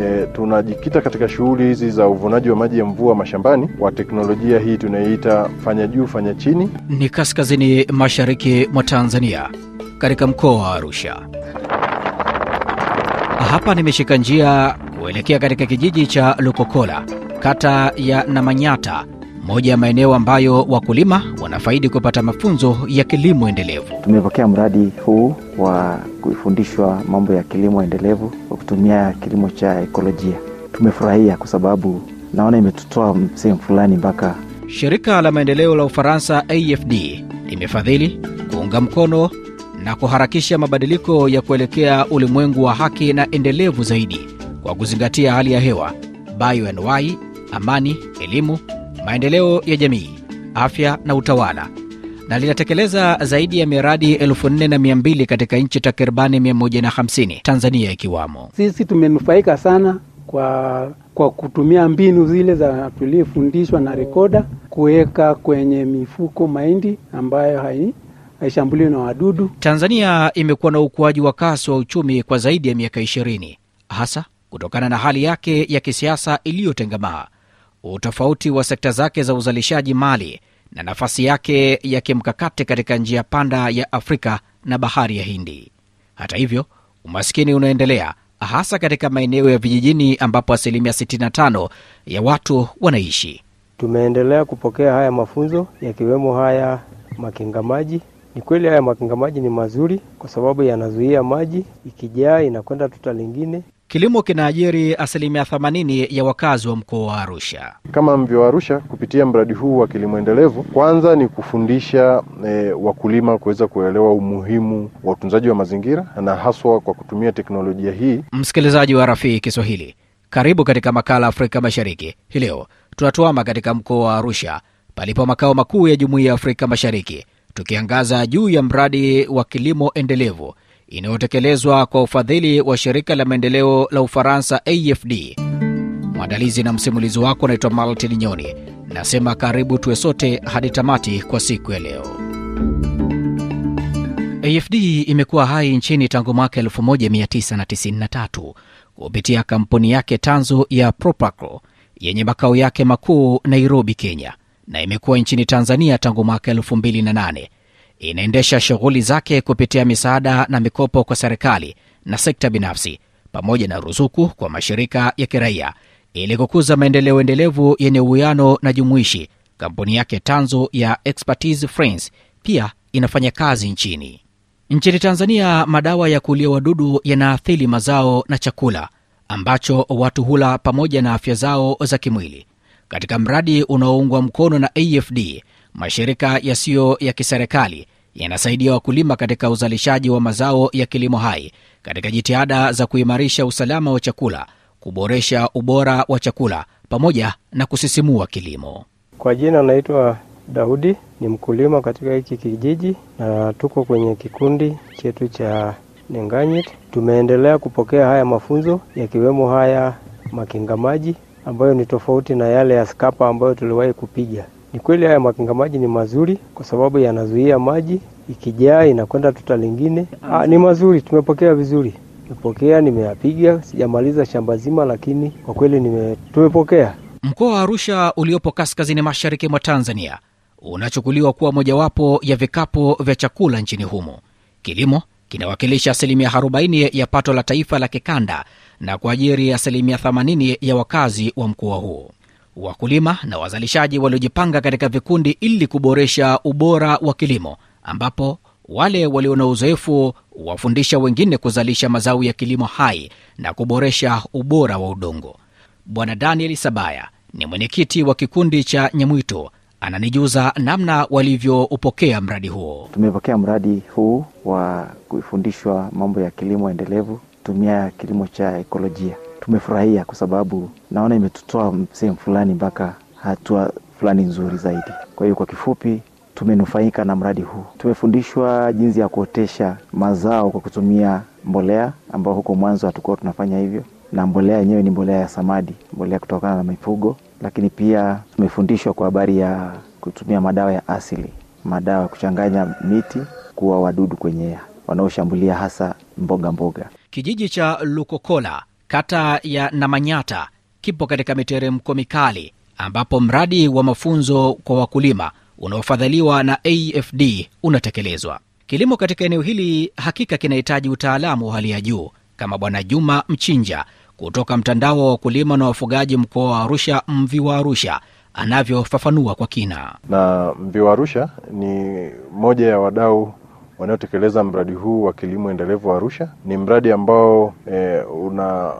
Eh, tunajikita katika shughuli hizi za uvunaji wa maji ya mvua mashambani kwa teknolojia hii tunayoita fanya juu fanya chini. Ni kaskazini mashariki mwa Tanzania katika mkoa wa Arusha. Hapa nimeshika njia kuelekea katika kijiji cha Lukokola, kata ya Namanyata moja ya maeneo ambayo wakulima wanafaidi kupata mafunzo ya kilimo endelevu. Tumepokea mradi huu wa kufundishwa mambo ya kilimo endelevu kwa kutumia kilimo cha ekolojia. Tumefurahia kwa sababu naona imetutoa sehemu fulani. Mpaka shirika la maendeleo la Ufaransa AFD limefadhili kuunga mkono na kuharakisha mabadiliko ya kuelekea ulimwengu wa haki na endelevu zaidi kwa kuzingatia hali ya hewa, bioanuwai, amani, elimu maendeleo ya jamii, afya na utawala, na linatekeleza zaidi ya miradi 4200 katika nchi takribani 150, Tanzania ikiwamo. Sisi tumenufaika sana kwa kwa kutumia mbinu zile za tuliofundishwa na Rekoda kuweka kwenye mifuko mahindi ambayo hai haishambuliwi na wadudu. Tanzania imekuwa na ukuaji wa kasi wa uchumi kwa zaidi ya miaka 20 hasa kutokana na hali yake ya kisiasa iliyotengamaa utofauti wa sekta zake za uzalishaji mali na nafasi yake ya kimkakati katika njia panda ya Afrika na bahari ya Hindi. Hata hivyo, umaskini unaendelea hasa katika maeneo ya vijijini ambapo asilimia 65 ya watu wanaishi. Tumeendelea kupokea haya mafunzo yakiwemo haya makinga maji. Ni kweli haya makinga maji ni mazuri kwa sababu yanazuia maji ikijaa inakwenda tuta lingine. Kilimo kinaajiri asilimia 80 ya wakazi wa mkoa wa Arusha. Kama mvyo wa Arusha, kupitia mradi huu wa kilimo endelevu, kwanza ni kufundisha e, wakulima kuweza kuelewa umuhimu wa utunzaji wa mazingira na haswa kwa kutumia teknolojia hii. Msikilizaji wa Rafii Kiswahili, karibu katika makala Afrika Mashariki. Hii leo tunatuama katika mkoa wa Arusha palipo makao makuu ya Jumuiya ya Afrika Mashariki, tukiangaza juu ya mradi wa kilimo endelevu inayotekelezwa kwa ufadhili wa shirika la maendeleo la Ufaransa AFD. Mwandalizi na msimulizi wako anaitwa Martin Nyoni. Nasema karibu tuwe sote hadi tamati kwa siku ya leo. AFD imekuwa hai nchini tangu mwaka 1993 kupitia kampuni yake tanzo ya Propaco yenye makao yake makuu Nairobi, Kenya, na imekuwa nchini Tanzania tangu mwaka 2008 inaendesha shughuli zake kupitia misaada na mikopo kwa serikali na sekta binafsi pamoja na ruzuku kwa mashirika ya kiraia ili kukuza maendeleo endelevu yenye uwiano na jumuishi. Kampuni yake tanzu ya Expertise France pia inafanya kazi nchini. Nchini Tanzania, madawa ya kulia wadudu yanaathili mazao na chakula ambacho watu hula pamoja na afya zao za kimwili. Katika mradi unaoungwa mkono na AFD mashirika yasiyo ya kiserikali yanasaidia wakulima katika uzalishaji wa mazao ya kilimo hai katika jitihada za kuimarisha usalama wa chakula, kuboresha ubora wa chakula pamoja na kusisimua kilimo. Kwa jina anaitwa Daudi, ni mkulima katika hiki kijiji na tuko kwenye kikundi chetu cha Nenganyit. Tumeendelea kupokea haya mafunzo yakiwemo haya makinga maji ambayo ni tofauti na yale ya skapa ambayo tuliwahi kupiga. Ni kweli haya makinga maji ni mazuri kwa sababu yanazuia maji ikijaa inakwenda tuta lingine. Ah, ni mazuri, tumepokea vizuri. Nimepokea, nimeyapiga, sijamaliza shamba zima, lakini kwa kweli nime, tumepokea. Mkoa wa Arusha uliopo kaskazini mashariki mwa Tanzania unachukuliwa kuwa mojawapo ya vikapo vya chakula nchini humo. Kilimo kinawakilisha asilimia 40 ya pato la taifa la kikanda na kuajiri asilimia 80 ya wakazi wa mkoa huo wakulima na wazalishaji waliojipanga katika vikundi ili kuboresha ubora wa kilimo, ambapo wale walio na uzoefu wafundisha wengine kuzalisha mazao ya kilimo hai na kuboresha ubora wa udongo. Bwana Daniel Sabaya ni mwenyekiti wa kikundi cha nyemwito ananijuza namna walivyoupokea mradi huo. Tumepokea mradi huu wa kufundishwa mambo ya kilimo endelevu, tumia kilimo cha ekolojia tumefurahia kwa sababu naona imetutoa sehemu fulani mpaka hatua fulani nzuri zaidi. Kwa hiyo kwa kifupi, tumenufaika na mradi huu. Tumefundishwa jinsi ya kuotesha mazao kwa kutumia mbolea ambao huko mwanzo hatukuwa tunafanya hivyo, na mbolea yenyewe ni mbolea ya samadi, mbolea kutokana na mifugo. Lakini pia tumefundishwa kwa habari ya kutumia madawa ya asili, madawa ya kuchanganya miti kuwa wadudu kwenye wanaoshambulia hasa mboga mboga. Kijiji cha Lukokola kata ya Namanyata kipo katika miteremko mikali ambapo mradi wa mafunzo kwa wakulima unaofadhiliwa na AFD unatekelezwa. Kilimo katika eneo hili hakika kinahitaji utaalamu wa hali ya juu, kama Bwana Juma Mchinja kutoka mtandao wa wakulima na wafugaji mkoa wa Arusha, mvi wa Arusha, anavyofafanua kwa kina. na mvi wa Arusha ni moja ya wadau wanaotekeleza mradi huu wa kilimo endelevu wa Arusha. Ni mradi ambao e,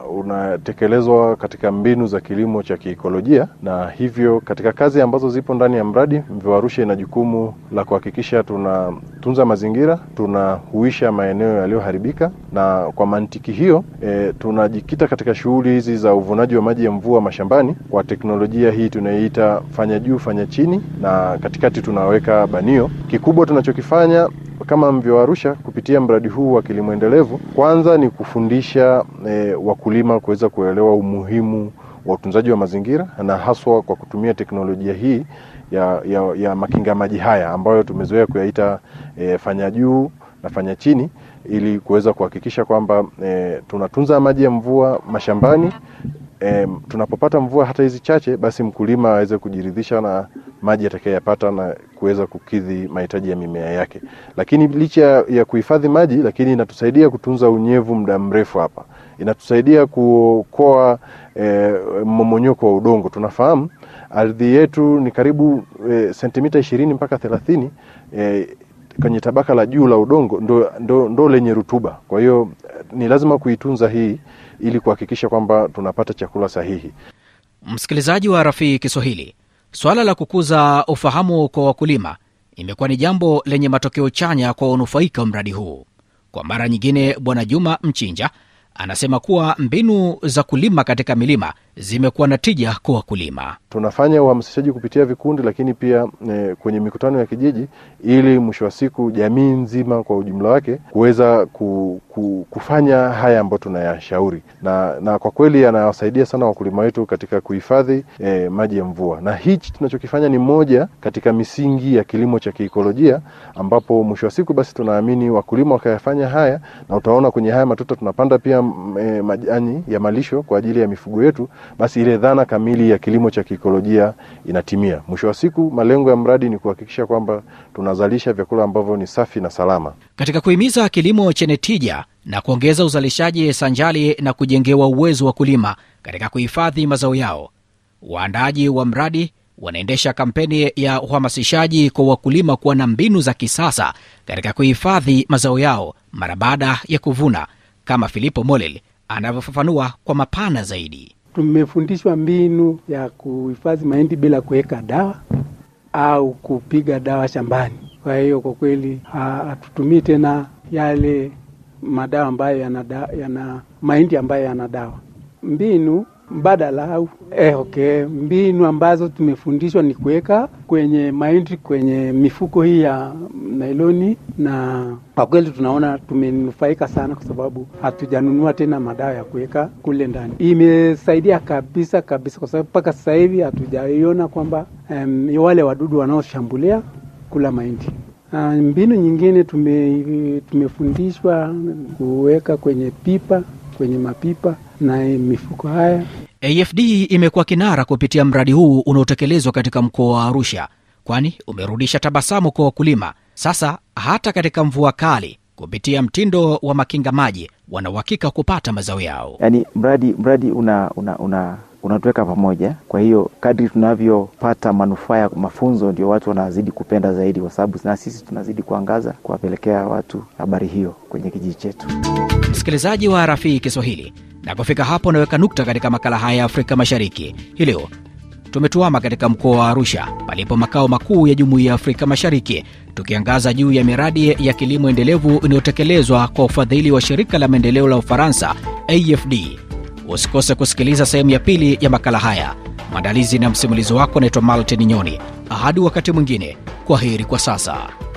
unatekelezwa una katika mbinu za kilimo cha kiikolojia, na hivyo katika kazi ambazo zipo ndani ya mradi, Mviwa Arusha ina jukumu la kuhakikisha tunatunza mazingira, tunahuisha maeneo yaliyoharibika, na kwa mantiki hiyo e, tunajikita katika shughuli hizi za uvunaji wa maji ya mvua mashambani kwa teknolojia hii tunayoita fanya juu fanya chini, na katikati tunaweka banio. Kikubwa tunachokifanya kama mvyo Arusha kupitia mradi huu wa kilimo endelevu, kwanza ni kufundisha e, wakulima kuweza kuelewa umuhimu wa utunzaji wa mazingira na haswa kwa kutumia teknolojia hii ya, ya, ya makinga maji haya ambayo tumezoea kuyaita e, fanya juu na fanya chini ili kuweza kuhakikisha kwamba e, tunatunza maji ya mvua mashambani e, tunapopata mvua hata hizi chache, basi mkulima aweze kujiridhisha na maji atakayopata na kuweza kukidhi mahitaji ya mimea yake. Lakini licha ya kuhifadhi maji, lakini inatusaidia kutunza unyevu muda mrefu hapa, inatusaidia kuokoa e, mmomonyoko wa udongo. Tunafahamu ardhi yetu ni karibu e, sentimita ishirini mpaka thelathini e, kwenye tabaka la juu la udongo ndo, ndo, ndo lenye rutuba. Kwa hiyo eh, ni lazima kuitunza hii ili kuhakikisha kwamba tunapata chakula sahihi. Msikilizaji wa Rafii Kiswahili, swala la kukuza ufahamu kwa wakulima imekuwa ni jambo lenye matokeo chanya kwa wanufaika mradi huu. Kwa mara nyingine, Bwana Juma Mchinja anasema kuwa mbinu za kulima katika milima zimekuwa na tija kwa wakulima. Tunafanya uhamasishaji kupitia vikundi, lakini pia e, kwenye mikutano ya kijiji, ili mwisho wa siku jamii nzima kwa ujumla wake kuweza ku, ku, kufanya haya ambayo tunayashauri, na, na kwa kweli yanawasaidia sana wakulima wetu katika kuhifadhi e, maji ya mvua, na hichi tunachokifanya ni moja katika misingi ya kilimo cha kiikolojia, ambapo mwisho wa siku basi tunaamini wakulima wakayafanya haya, na utaona kwenye haya matuta tunapanda pia e, majani ya malisho kwa ajili ya mifugo yetu basi ile dhana kamili ya kilimo cha kiikolojia inatimia. Mwisho wa siku, malengo ya mradi ni kuhakikisha kwamba tunazalisha vyakula ambavyo ni safi na salama. Katika kuhimiza kilimo chenye tija na kuongeza uzalishaji sanjali na kujengewa uwezo wa kulima katika kuhifadhi mazao yao, waandaaji wa mradi wanaendesha kampeni ya uhamasishaji kwa wakulima kuwa na mbinu za kisasa katika kuhifadhi mazao yao mara baada ya kuvuna, kama Filipo Molel anavyofafanua kwa mapana zaidi. Tumefundishwa mbinu ya kuhifadhi mahindi bila kuweka dawa au kupiga dawa shambani. Kwa hiyo kwa kweli hatutumii tena yale madawa ambayo yana, yana mahindi ambayo yana dawa. Mbinu mbadala au eh, okay. Mbinu ambazo tumefundishwa ni kuweka kwenye mahindi kwenye mifuko hii ya nailoni, na kwa kweli tunaona tumenufaika sana, kwa sababu hatujanunua tena madawa ya kuweka kule ndani. Imesaidia kabisa kabisa, kwa sababu mpaka sasa hivi hatujaiona kwamba um, wale wadudu wanaoshambulia kula mahindi. Mbinu nyingine tume, tumefundishwa kuweka kwenye pipa kwenye mapipa na mifuko haya. AFD imekuwa kinara kupitia mradi huu unaotekelezwa katika mkoa wa Arusha, kwani umerudisha tabasamu kwa wakulima. Sasa hata katika mvua kali kupitia mtindo wa makinga maji wanauhakika kupata mazao yao. yani mradi mradi una, una, una unatuweka pamoja. Kwa hiyo kadri tunavyopata manufaa ya mafunzo, ndio watu wanazidi kupenda zaidi, kwa sababu na sisi tunazidi kuangaza, kuwapelekea watu habari hiyo kwenye kijiji chetu. Msikilizaji wa Rafii Kiswahili, napofika hapo unaweka nukta katika makala haya ya Afrika Mashariki hii leo tumetuama katika mkoa wa Arusha palipo makao makuu ya Jumuiya ya Afrika Mashariki, tukiangaza juu ya miradi ya kilimo endelevu inayotekelezwa kwa ufadhili wa shirika la maendeleo la Ufaransa, AFD. Usikose kusikiliza sehemu ya pili ya makala haya. mwandalizi na msimulizi wako anaitwa Maltin Nyoni. Hadi wakati mwingine, kwa heri kwa sasa.